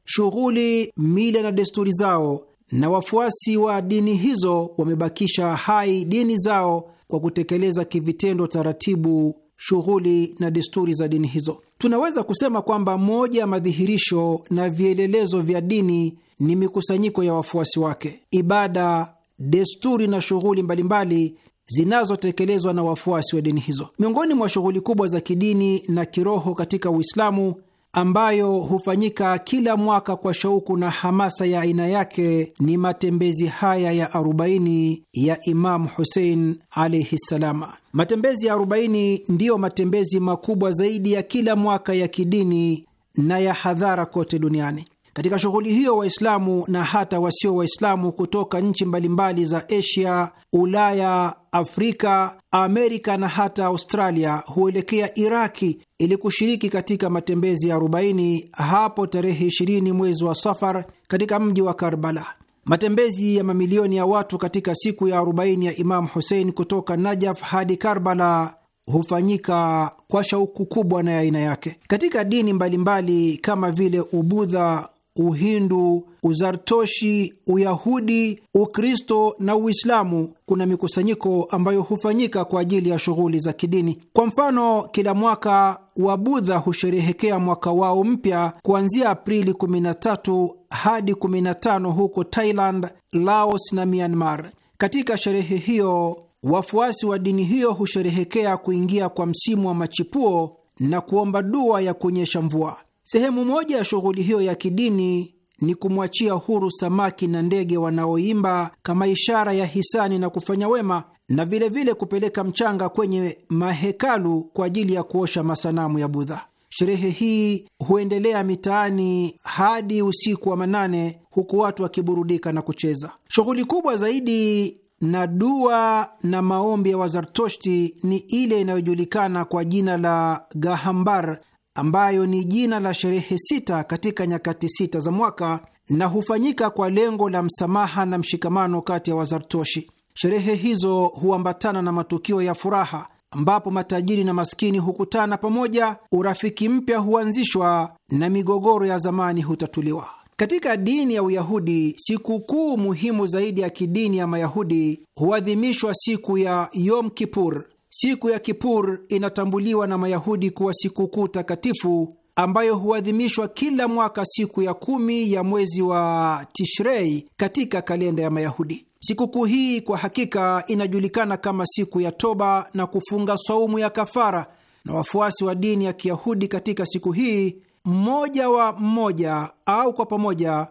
shughuli, mila na desturi zao, na wafuasi wa dini hizo wamebakisha hai dini zao kwa kutekeleza kivitendo taratibu, shughuli na desturi za dini hizo. Tunaweza kusema kwamba moja ya madhihirisho na vielelezo vya dini ni mikusanyiko ya wafuasi wake, ibada, desturi na shughuli mbalimbali zinazotekelezwa na wafuasi wa dini hizo. Miongoni mwa shughuli kubwa za kidini na kiroho katika Uislamu ambayo hufanyika kila mwaka kwa shauku na hamasa ya aina yake ni matembezi haya ya 40 ya Imamu Husein alaihi ssalama. Matembezi ya 40 ndiyo matembezi makubwa zaidi ya kila mwaka ya kidini na ya hadhara kote duniani. Katika shughuli hiyo, Waislamu na hata wasio Waislamu kutoka nchi mbalimbali za Asia, Ulaya, Afrika, Amerika na hata Australia huelekea Iraki ili kushiriki katika matembezi ya 40 hapo tarehe 20 mwezi wa Safar katika mji wa Karbala. Matembezi ya mamilioni ya watu katika siku ya 40 ya Imamu Husein kutoka Najaf hadi Karbala hufanyika kwa shauku kubwa na ya aina yake. Katika dini mbalimbali mbali kama vile Ubudha, Uhindu, Uzartoshi, Uyahudi, Ukristo na Uislamu kuna mikusanyiko ambayo hufanyika kwa ajili ya shughuli za kidini. Kwa mfano, kila mwaka Wabudha husherehekea mwaka wao mpya kuanzia Aprili 13 hadi 15 huko Thailand, Laos na Myanmar. Katika sherehe hiyo, wafuasi wa dini hiyo husherehekea kuingia kwa msimu wa machipuo na kuomba dua ya kuonyesha mvua. Sehemu moja ya shughuli hiyo ya kidini ni kumwachia huru samaki na ndege wanaoimba kama ishara ya hisani na kufanya wema, na vilevile vile kupeleka mchanga kwenye mahekalu kwa ajili ya kuosha masanamu ya Budha. Sherehe hii huendelea mitaani hadi usiku wa manane, huku watu wakiburudika na kucheza. Shughuli kubwa zaidi na dua na maombi ya Wazartoshti ni ile inayojulikana kwa jina la Gahambar ambayo ni jina la sherehe sita katika nyakati sita za mwaka na hufanyika kwa lengo la msamaha na mshikamano kati ya Wazartoshi. Sherehe hizo huambatana na matukio ya furaha ambapo matajiri na maskini hukutana pamoja, urafiki mpya huanzishwa na migogoro ya zamani hutatuliwa. Katika dini ya Uyahudi, sikukuu muhimu zaidi ya kidini ya Mayahudi huadhimishwa siku ya Yom Kipur Siku ya Kipur inatambuliwa na Mayahudi kuwa sikukuu takatifu ambayo huadhimishwa kila mwaka siku ya kumi ya mwezi wa Tishrei katika kalenda ya Mayahudi. Sikukuu hii kwa hakika inajulikana kama siku ya toba na kufunga saumu ya kafara, na wafuasi wa dini ya Kiyahudi katika siku hii, mmoja wa mmoja au kwa pamoja,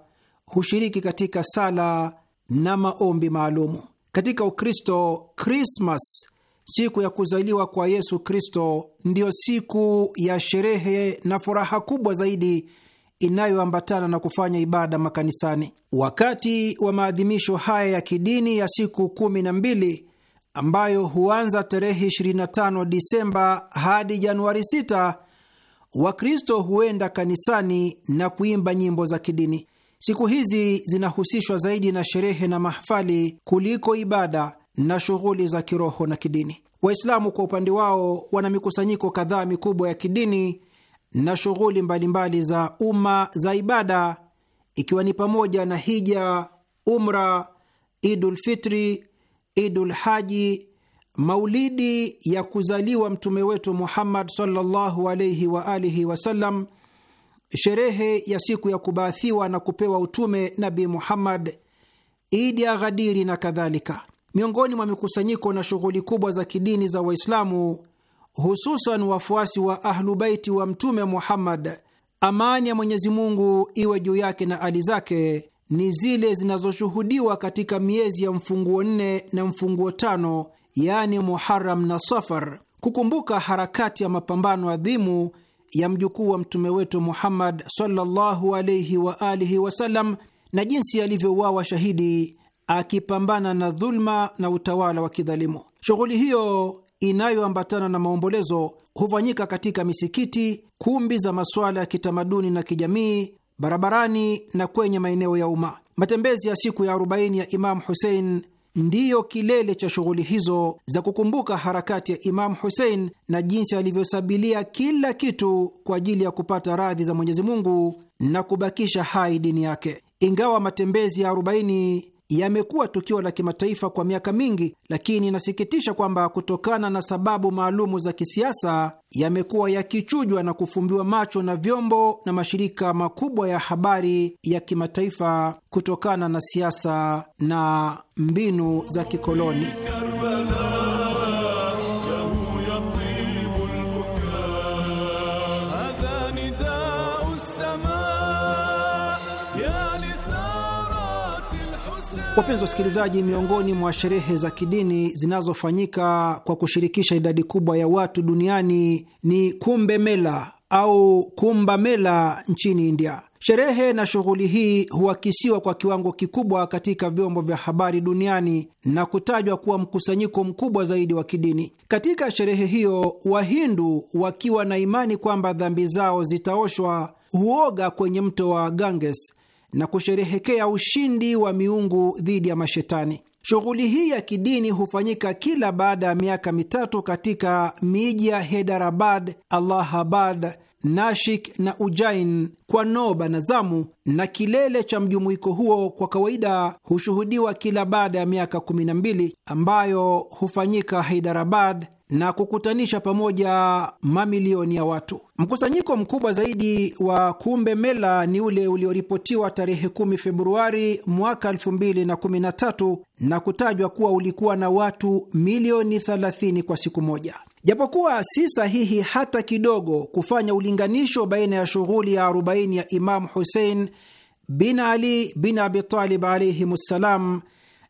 hushiriki katika sala na maombi maalumu. Katika Ukristo, Krismas Siku ya kuzaliwa kwa Yesu Kristo ndiyo siku ya sherehe na furaha kubwa zaidi inayoambatana na kufanya ibada makanisani. Wakati wa maadhimisho haya ya kidini ya siku kumi na mbili ambayo huanza tarehe 25 Disemba hadi Januari 6, Wakristo huenda kanisani na kuimba nyimbo za kidini. Siku hizi zinahusishwa zaidi na sherehe na mahafali kuliko ibada na shughuli za kiroho na kidini. Waislamu kwa upande wao wana mikusanyiko kadhaa mikubwa ya kidini na shughuli mbalimbali za umma za ibada, ikiwa ni pamoja na hija, umra, Idul Fitri, Idul Haji, maulidi ya kuzaliwa mtume wetu Muhammad sallallahu alaihi wa alihi wasallam, sherehe ya siku ya kubaathiwa na kupewa utume Nabi Muhammad, Idi ya Ghadiri na kadhalika. Miongoni mwa mikusanyiko na shughuli kubwa za kidini za Waislamu, hususan wafuasi wa Ahlubaiti wa Mtume Muhammad, amani ya Mwenyezi Mungu iwe juu yake na ali zake, ni zile zinazoshuhudiwa katika miezi ya mfunguo nne na mfunguo tano, yaani Muharam na Safar, kukumbuka harakati ya mapambano adhimu ya mjukuu wa mtume wetu Muhammad sallallahu alaihi wa alihi wasallam na jinsi alivyouawa shahidi akipambana na dhuluma na utawala wa kidhalimu. Shughuli hiyo inayoambatana na maombolezo hufanyika katika misikiti, kumbi za masuala ya kitamaduni na kijamii, barabarani na kwenye maeneo ya umma. Matembezi ya siku ya 40 ya Imamu Husein ndiyo kilele cha shughuli hizo za kukumbuka harakati ya Imamu Husein na jinsi alivyosabilia kila kitu kwa ajili ya kupata radhi za Mwenyezi Mungu na kubakisha hai dini yake. Ingawa matembezi ya yamekuwa tukio la kimataifa kwa miaka mingi, lakini inasikitisha kwamba kutokana na sababu maalumu za kisiasa yamekuwa yakichujwa na kufumbiwa macho na vyombo na mashirika makubwa ya habari ya kimataifa kutokana na siasa na mbinu za kikoloni. Wapenzi wasikilizaji, miongoni mwa sherehe za kidini zinazofanyika kwa kushirikisha idadi kubwa ya watu duniani ni kumbe Mela au kumba Mela nchini India. Sherehe na shughuli hii huakisiwa kwa kiwango kikubwa katika vyombo vya habari duniani na kutajwa kuwa mkusanyiko mkubwa zaidi wa kidini. Katika sherehe hiyo, Wahindu wakiwa na imani kwamba dhambi zao zitaoshwa huoga kwenye mto wa Ganges na kusherehekea ushindi wa miungu dhidi ya mashetani. Shughuli hii ya kidini hufanyika kila baada ya miaka mitatu katika miji ya Hyderabad, Allahabad, Nashik na Ujain kwa Noba na Zamu, na kilele cha mjumuiko huo kwa kawaida hushuhudiwa kila baada ya miaka mbili ambayo hufanyika Haidarabad na kukutanisha pamoja mamilioni ya watu. Mkusanyiko mkubwa zaidi wa kumbe mela ni ule ulioripotiwa tarehe 10 Februari mwaka 2013 na kutajwa kuwa ulikuwa na watu milioni 30 kwa siku moja. Japokuwa si sahihi hata kidogo kufanya ulinganisho baina ya shughuli ya 40 ya Imamu Husein bin Ali bin Abitalib alaihim ssalam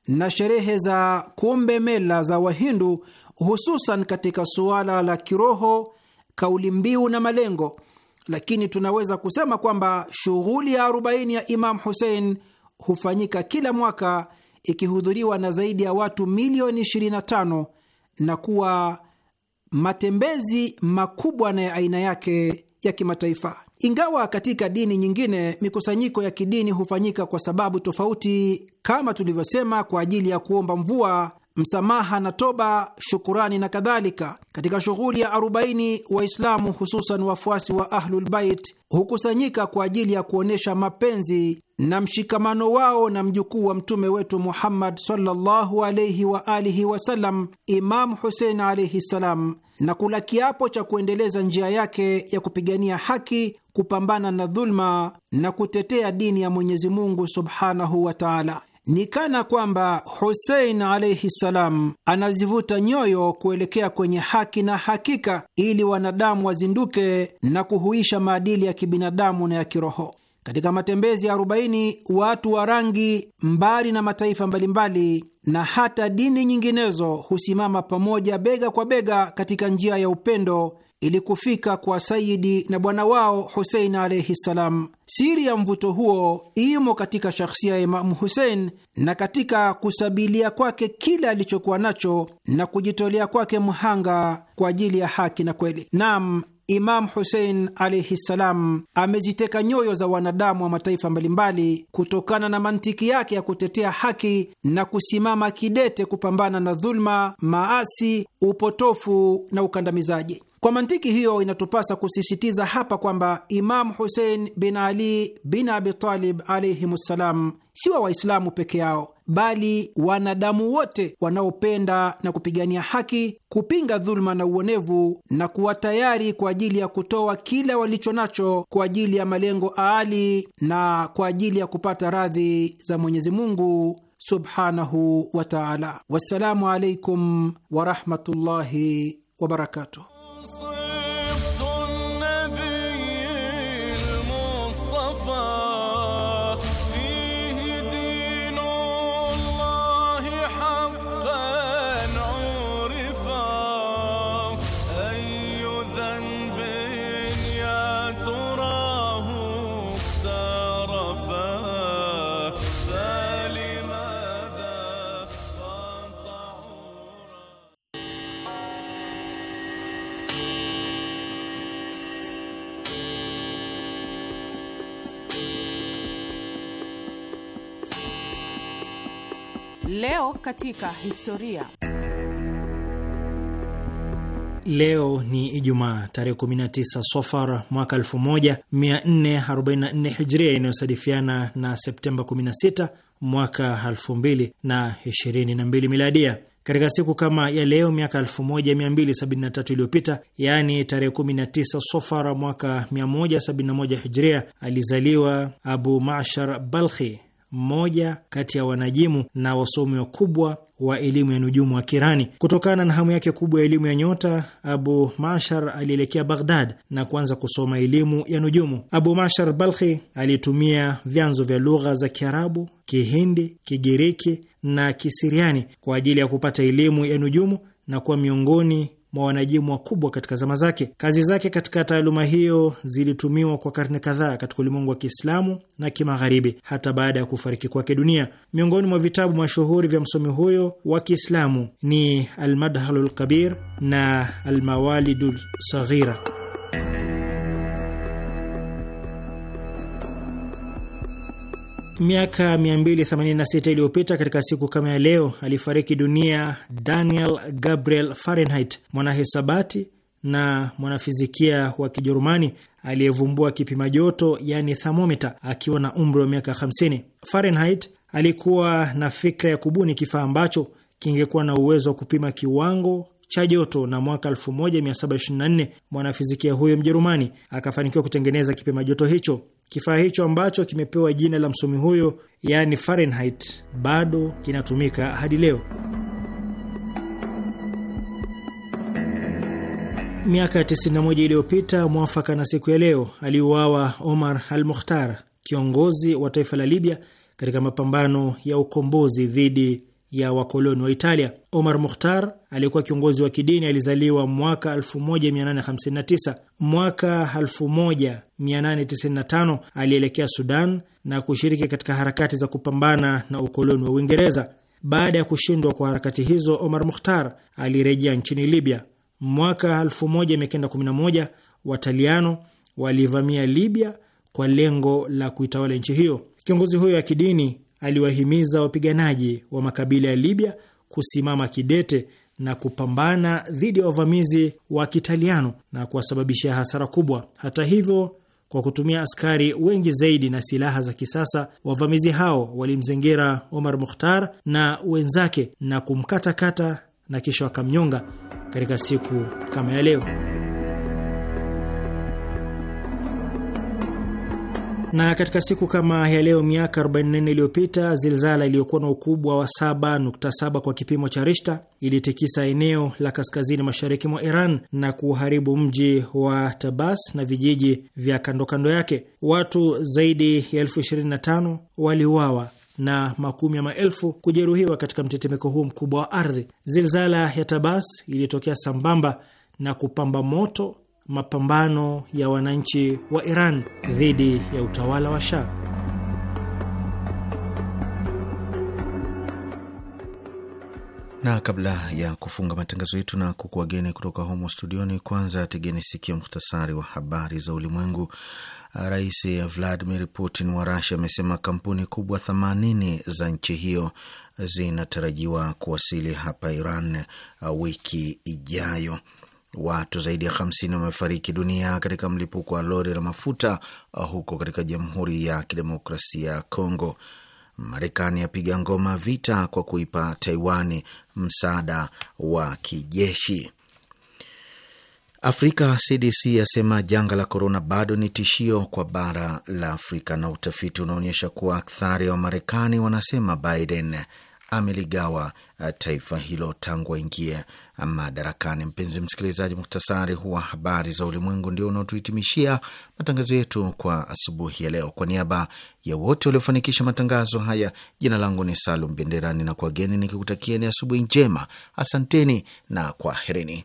na sherehe za kumbe mela za Wahindu, hususan katika suala la kiroho, kauli mbiu na malengo, lakini tunaweza kusema kwamba shughuli ya 40 ya Imamu Husein hufanyika kila mwaka ikihudhuriwa na zaidi ya watu milioni 25 na kuwa matembezi makubwa na ya aina yake ya kimataifa. Ingawa katika dini nyingine mikusanyiko ya kidini hufanyika kwa sababu tofauti, kama tulivyosema, kwa ajili ya kuomba mvua msamaha na toba, shukurani na kadhalika. Katika shughuli ya arobaini Waislamu hususan wafuasi wa Ahlulbait hukusanyika kwa ajili ya kuonyesha mapenzi na mshikamano wao na mjukuu wa mtume wetu Muhammad sallallahu alaihi wa alihi wasallam, Imamu Husein alaihi ssalam, na kula kiapo cha kuendeleza njia yake ya kupigania haki, kupambana na dhulma na kutetea dini ya Mwenyezi Mungu subhanahu wa taala. Ni kana kwamba Husein alaihi ssalam anazivuta nyoyo kuelekea kwenye haki na hakika, ili wanadamu wazinduke na kuhuisha maadili ya kibinadamu na ya kiroho. Katika matembezi ya 40 watu wa rangi mbali na mataifa mbalimbali na hata dini nyinginezo husimama pamoja bega kwa bega katika njia ya upendo ili kufika kwa Sayidi na bwana wao Husein alaihi ssalam. Siri ya mvuto huo imo katika shakhsia ya Imamu Husein na katika kusabilia kwake kila alichokuwa nacho na kujitolea kwake mhanga kwa ajili ya haki na kweli. Naam, Imam Husein alaihi ssalam ameziteka nyoyo za wanadamu wa mataifa mbalimbali kutokana na mantiki yake ya kutetea haki na kusimama kidete kupambana na dhuluma, maasi, upotofu na ukandamizaji. Kwa mantiki hiyo, inatupasa kusisitiza hapa kwamba Imamu Husein bin Ali bin Abitalib Talib ssalam si wa Waislamu peke yao bali wanadamu wote wanaopenda na kupigania haki, kupinga dhuluma na uonevu, na kuwa tayari kwa ajili ya kutoa kila walicho nacho kwa ajili ya malengo aali na kwa ajili ya kupata radhi za Mwenyezi Mungu subhanahu wa taala. Wassalamu alaikum warahmatullahi wabarakatuh. صراط Leo katika historia. Leo ni Ijumaa tarehe 19 Sofar mwaka 1444 Hijria, inayosadifiana na Septemba 16 mwaka 2022 Miladia. Katika siku kama ya leo miaka 1273 iliyopita, yaani tarehe 19 Sofara mwaka 171 Hijria, alizaliwa Abu Mashar Balkhi, mmoja kati ya wanajimu na wasomi wakubwa wa elimu ya nujumu wa Kirani. Kutokana na hamu yake kubwa ya elimu ya nyota, Abu Mashar alielekea Baghdad na kuanza kusoma elimu ya nujumu. Abu Mashar Balkhi alitumia vyanzo vya lugha za Kiarabu, Kihindi, Kigiriki na Kisiriani kwa ajili ya kupata elimu ya nujumu na kuwa miongoni mwa wanajimu wakubwa katika zama zake. Kazi zake katika taaluma hiyo zilitumiwa kwa karne kadhaa katika ulimwengu wa Kiislamu na Kimagharibi hata baada ya kufariki kwake dunia. Miongoni mwa vitabu mashuhuri vya msomi huyo wa Kiislamu ni Almadhalu lkabir na Almawalidu lsaghira. Miaka 286 iliyopita katika siku kama ya leo alifariki dunia Daniel Gabriel Fahrenheit, mwanahesabati na mwanafizikia wa Kijerumani aliyevumbua kipima joto yani thermometa akiwa na umri wa miaka 50. Fahrenheit alikuwa na fikra ya kubuni kifaa ambacho kingekuwa na uwezo wa kupima kiwango cha joto na mwaka 1724 mwanafizikia huyo Mjerumani akafanikiwa kutengeneza kipima joto hicho. Kifaa hicho ambacho kimepewa jina la msomi huyo, yaani Fahrenheit, bado kinatumika hadi leo. Miaka 91 iliyopita mwafaka na siku ya leo, aliuawa Omar al Mukhtar, kiongozi wa taifa la Libya katika mapambano ya ukombozi dhidi ya wakoloni wa Italia. Omar Mukhtar aliyekuwa kiongozi wa kidini alizaliwa mwaka 1859. Mwaka 1895 alielekea Sudan na kushiriki katika harakati za kupambana na ukoloni wa Uingereza. Baada ya kushindwa kwa harakati hizo, Omar Mukhtar alirejea nchini Libya. Mwaka 1911 Wataliano walivamia Libya kwa lengo la kuitawala nchi hiyo. Kiongozi huyo wa kidini aliwahimiza wapiganaji wa makabila ya Libya kusimama kidete na kupambana dhidi ya wavamizi wa Kitaliano na kuwasababishia hasara kubwa. Hata hivyo, kwa kutumia askari wengi zaidi na silaha za kisasa, wavamizi hao walimzingira Omar Mukhtar na wenzake na kumkatakata na kisha wakamnyonga katika siku kama ya leo. Na katika siku kama ya leo miaka 44 iliyopita zilzala iliyokuwa na ukubwa wa 7.7 kwa kipimo cha Rishta ilitikisa eneo la kaskazini mashariki mwa Iran na kuharibu mji wa Tabas na vijiji vya kando kando yake. Watu zaidi ya elfu 25 waliuawa na makumi ya maelfu kujeruhiwa katika mtetemeko huu mkubwa wa ardhi. Zilzala ya Tabas ilitokea sambamba na kupamba moto mapambano ya wananchi wa Iran dhidi ya utawala wa Shah. Na kabla ya kufunga matangazo yetu na kukuageni kutoka humo studioni, kwanza tegeni sikia muhtasari wa habari za ulimwengu. Rais Vladimir Putin wa Rasia amesema kampuni kubwa 80 za nchi hiyo zinatarajiwa kuwasili hapa Iran wiki ijayo. Watu zaidi ya 50 wamefariki dunia katika mlipuko wa lori la mafuta uh, huko katika Jamhuri ya Kidemokrasia ya Kongo. Marekani yapiga ngoma vita kwa kuipa Taiwani msaada wa kijeshi. Afrika CDC yasema janga la korona bado ni tishio kwa bara la Afrika, na utafiti unaonyesha kuwa akthari ya Wamarekani wanasema Biden ameligawa uh, taifa hilo tangu aingia uh, madarakani. Mpenzi msikilizaji, muktasari huwa habari za ulimwengu ndio unaotuhitimishia matangazo yetu kwa asubuhi ya leo. Kwa niaba ya wote waliofanikisha matangazo haya, jina langu ni Salum Benderani na kwa geni ni asubuhi njema. Asanteni na kwaherini.